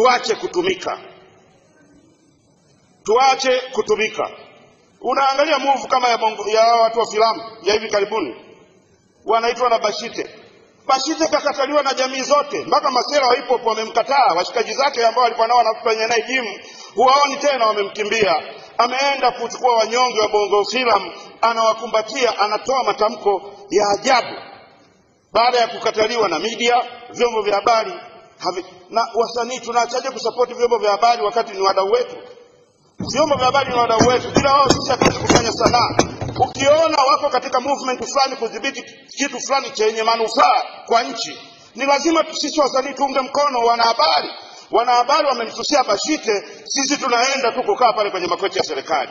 tuache kutumika tuache kutumika unaangalia muvu kama ya, mongo, ya watu wa filamu ya hivi karibuni wanaitwa na Bashite Bashite kakataliwa na jamii zote mpaka masera wa hipo wamemkataa washikaji zake ambao walikuwa nao wanafanya naye jimu huwaoni tena wamemkimbia ameenda kuchukua wanyonge wa bongo filamu anawakumbatia anatoa matamko ya ajabu baada ya kukataliwa na media vyombo vya habari Havi, na wasanii tunaachaje kusapoti vyombo vya habari wakati ni wadau wetu? Vyombo vya habari ni wadau wetu, bila wao sisi hatuwezi kufanya sanaa. Ukiona wako katika movement fulani kudhibiti kitu fulani chenye manufaa kwa nchi, ni lazima sisi wasanii tuunge mkono wanahabari. Wanahabari wamemsusia Bashite, sisi tunaenda tu kukaa pale kwenye makochi ya serikali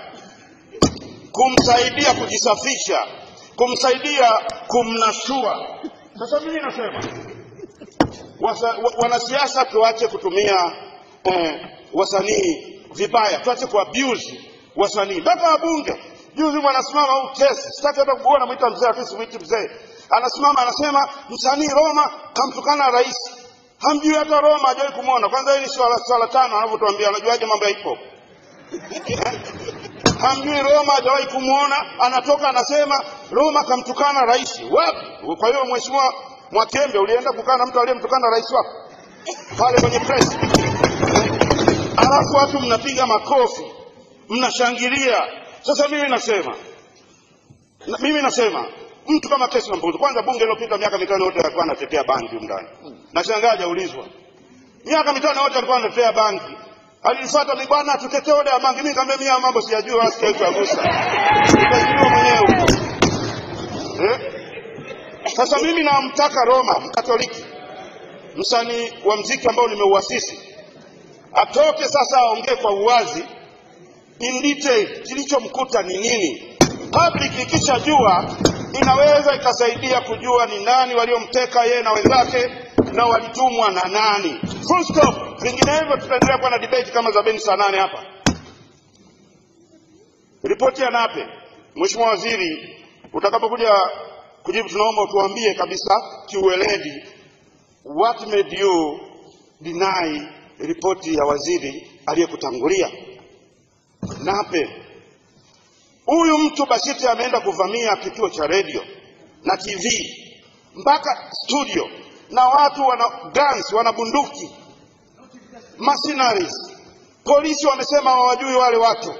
kumsaidia kujisafisha, kumsaidia kumnasua. Sasa mimi nasema Wanasiasa tuache kutumia eh, wasanii vibaya, tuache kuabuse wasanii. Mpaka wabunge juzi mwanasimama huu kesi, sitaki hata kuona, mwita mzee, afisi mwiti mzee, anasimama anasema msanii Roma kamtukana rais. Hamjui hata Roma, hajawahi kumwona. Kwanza ni swala swala tano anavyotuambia, anajuaje mambo ya hip hop? hamjui Roma, hajawahi kumwona, anatoka anasema Roma kamtukana rais. Wapi? Kwa hiyo mheshimiwa Mwatembe, ulienda kukaa na mtu aliyemtukana rais wako pale kwenye press, alafu watu mnapiga makofi, mnashangilia. Sasa mimi nasema na, mimi nasema mtu kama Tesla Mbuzi, kwanza bunge lilopita miaka mitano yote alikuwa anatetea banki ndani, nashangaa hajaulizwa. Miaka mitano yote alikuwa anatetea banki, alinifuata mimi, bwana tutetee ya banki. Mimi nikamwambia mimi mambo siyajui, wala sitaki kugusa Sasa mimi namtaka Roma Mkatoliki, msanii wa mziki ambao nimeuasisi atoke sasa, aongee kwa uwazi in detail kilichomkuta ni nini. Public ikishajua inaweza ikasaidia kujua ni nani waliomteka yeye na wenzake na walitumwa na nani, full stop. Vinginevyo tutaendelea kuwa na debate kama za beni saa nane hapa. Ripoti ya Nape, Mheshimiwa Waziri, utakapokuja kujibu, tunaomba utuambie kabisa kiueledi, what made you deny ripoti ya waziri aliyekutangulia? Nape, huyu mtu Basiti ameenda kuvamia kituo cha redio na TV mpaka studio, na watu wana guns, wana bunduki, mercenaries. Polisi wamesema hawajui wale watu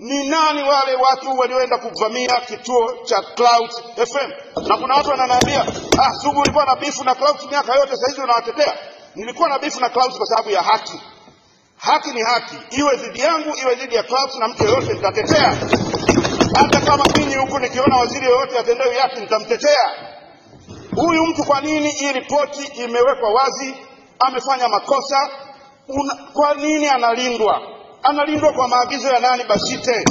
ni nani wale watu walioenda kuvamia kituo cha Clouds FM? Na kuna watu wananiambia ah, Sugu ulikuwa na bifu na Clouds miaka yote, sasa hizi unawatetea. Nilikuwa na bifu na Clouds kwa sababu ya haki. Haki ni haki, iwe dhidi yangu, iwe dhidi ya Clouds na mtu yoyote, nitatetea. Hata kama mimi huku nikiona waziri yoyote atendewe haki, nitamtetea huyu mtu. Kwa nini? Hii ripoti imewekwa wazi, amefanya makosa. Una, kwa nini analindwa? analindwa kwa maagizo ya nani? Bashite eh?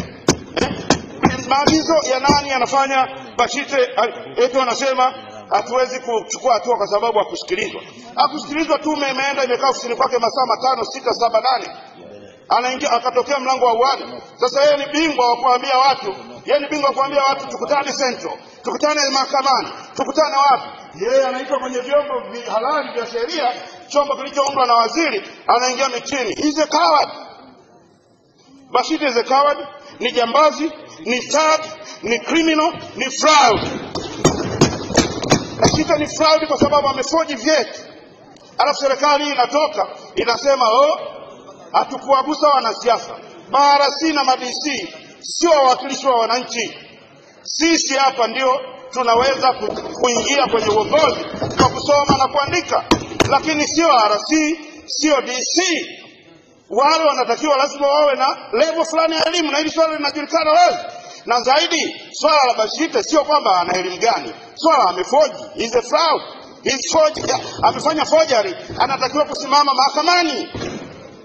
maagizo ya nani yanafanya Bashite eh, eti anasema hatuwezi kuchukua hatua kwa sababu hakusikilizwa. Hakusikilizwa, tume imeenda imekaa ofisini kwake masaa matano, sita, saba, nane, anaingia akatokea mlango wa uani. Sasa yeye ni bingwa wa kuambia watu, yeye ni bingwa wa kuambia watu tukutane Central, tukutane mahakamani, tukutane wapi. Yeye anaitwa kwenye vyombo halali vya sheria, chombo kilichoundwa na waziri, anaingia mitini hizo kawa Bashite is a coward, ni jambazi, ni thug, ni criminal, ni fraud. Bashite ni fraud kwa sababu amefoji vyeti, alafu serikali inatoka inasema oh, hatukuwagusa wanasiasa, si na MADC sio wawakilishi wa wananchi. Sisi hapa ndio tunaweza kuingia kwenye uongozi kwa kusoma na kuandika, lakini sio RC, sio DC wale wanatakiwa lazima wawe na levo fulani ya elimu, na hili swala linajulikana wazi. Na zaidi swala la Bashite sio kwamba ana elimu gani, swala amefoji, is a fraud, is forgery, amefanya forgery, anatakiwa kusimama mahakamani,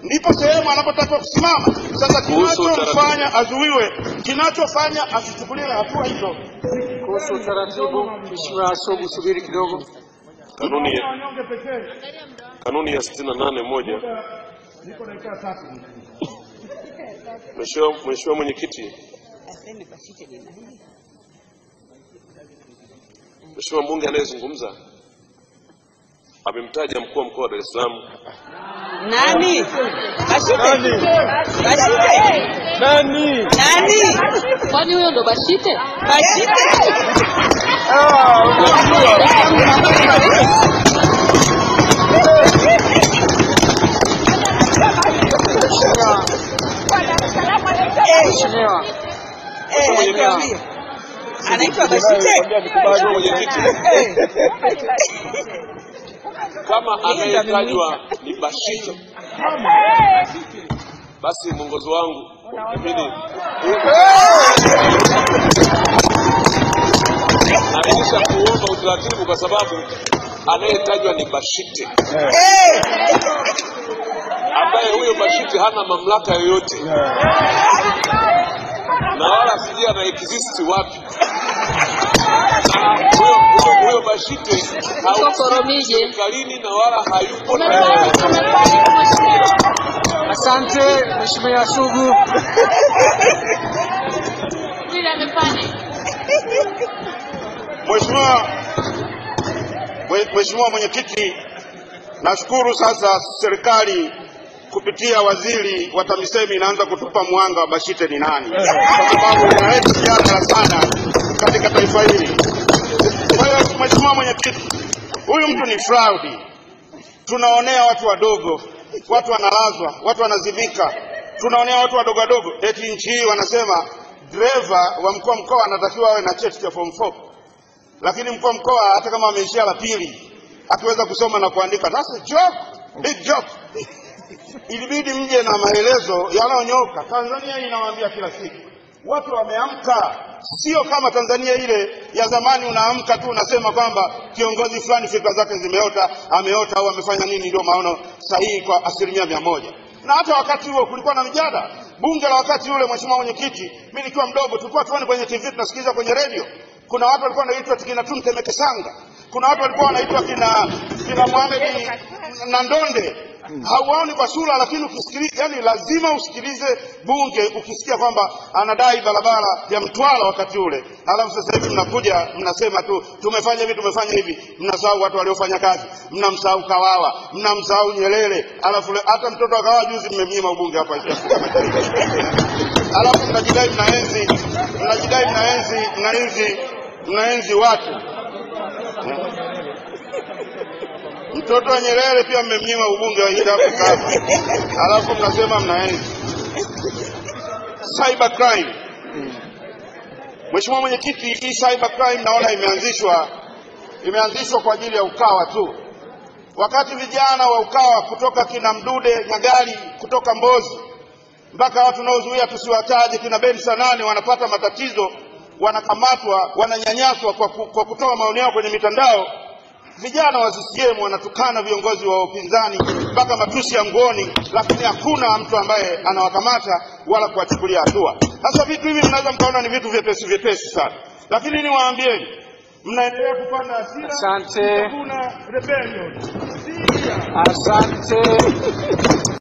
ndipo sehemu anapotakiwa kusimama. Sasa kinachomfanya azuiwe, kinachofanya asichukuliwe hatua hizo kuhusu taratibu. Mheshimiwa Aso, subiri kidogo. Kanuni ya kanuni ya sitini na nane moja Mheshimiwa Mwenyekiti. Mheshimiwa mbunge anayezungumza amemtaja mkuu wa mkoa wa Dar es Salaam. Nani? Bashite. Bashite. Nani? Nani? Kwani huyo ndo Bashite? Bashite. Ah, unajua. Mheshimiwa eh, eh. kama anayetajwa ni Bashite, basi mwongozo wangu ameisha kuomba utaratibu kwa sababu anayetajwa ni Bashite eh. ambaye huyo Bashite hana mamlaka yoyote na wala sijui ana exist wapi huyo Bashite serikalini na wala hayupo. Asante Mheshimiwa Sugu. Mheshimiwa Mheshimiwa Mwenyekiti, nashukuru sasa serikali kupitia waziri wa TAMISEMI inaanza kutupa mwanga wa BASHITE ni nani, eh. kwa sababu inaleta sana katika taifa hili. Kwa hiyo Mheshimiwa Mwenyekiti, huyu mtu ni fraudi, tunaonea watu wadogo, watu wanalazwa, watu wanazimika, tunaonea watu wadogo wadogo. Eti nchi hii wanasema dreva wa mkuu wa mkoa anatakiwa awe na cheti cha form 4 lakini mkuu wa mkoa hata kama ameishia la pili akiweza kusoma na kuandika, that's a joke, big joke ilibidi mje na maelezo yanayonyoka. Tanzania hii inawaambia kila siku, watu wameamka, sio kama Tanzania ile ya zamani, unaamka tu unasema kwamba kiongozi fulani fikra zake zimeota, ameota au amefanya nini, ndio maono sahihi kwa asilimia mia moja. Na hata wakati huo kulikuwa na mjada bunge la wakati ule, mheshimiwa mwenyekiti, mimi nikiwa mdogo, tulikuwa tuone kwenye TV, tunasikiliza kwenye redio, kuna watu walikuwa wanaitwa kina Sanga, kuna watu walikuwa wanaitwa kina kina Mohamed na Ndonde Mm. hauaoni kwa sura, lakini ukisikiliza, yani lazima usikilize bunge. Ukisikia kwamba anadai barabara ya Mtwara wakati ule, alafu sasa hivi mnakuja mnasema tu tumefanya hivi tumefanya hivi, mnasahau watu waliofanya kazi, mnamsahau Kawawa, mnamsahau Nyerere, alafu hata mtoto wa Kawawa juzi mmemnyima ubunge hapa alafu mnajidai mnaenzi mnajidai mnaenzi mnaenzi mnaenzi watu Mtoto wa Nyerere pia mmemnyima ubunge wa East Africa, alafu mnasema mnaenzi cyber crime. Mheshimiwa Mwenyekiti, hii cyber crime naona imeanzishwa imeanzishwa kwa ajili ya Ukawa tu, wakati vijana wa Ukawa kutoka kina Mdude Nyagali, kutoka Mbozi mpaka watu unaozuia tusiwataje, kina Ben Sanane, wanapata matatizo, wanakamatwa, wananyanyaswa kwa, kwa kutoa maoni yao kwenye mitandao Vijana wa CCM wanatukana viongozi wa upinzani mpaka matusi ya nguoni, lakini hakuna mtu ambaye anawakamata wala kuwachukulia hatua. Sasa vitu hivi mnaweza mkaona ni vitu vyepesi vyepesi sana, lakini niwaambieni, mnaendelea kupanda hasira. Asante. Kuna rebellion. Asante.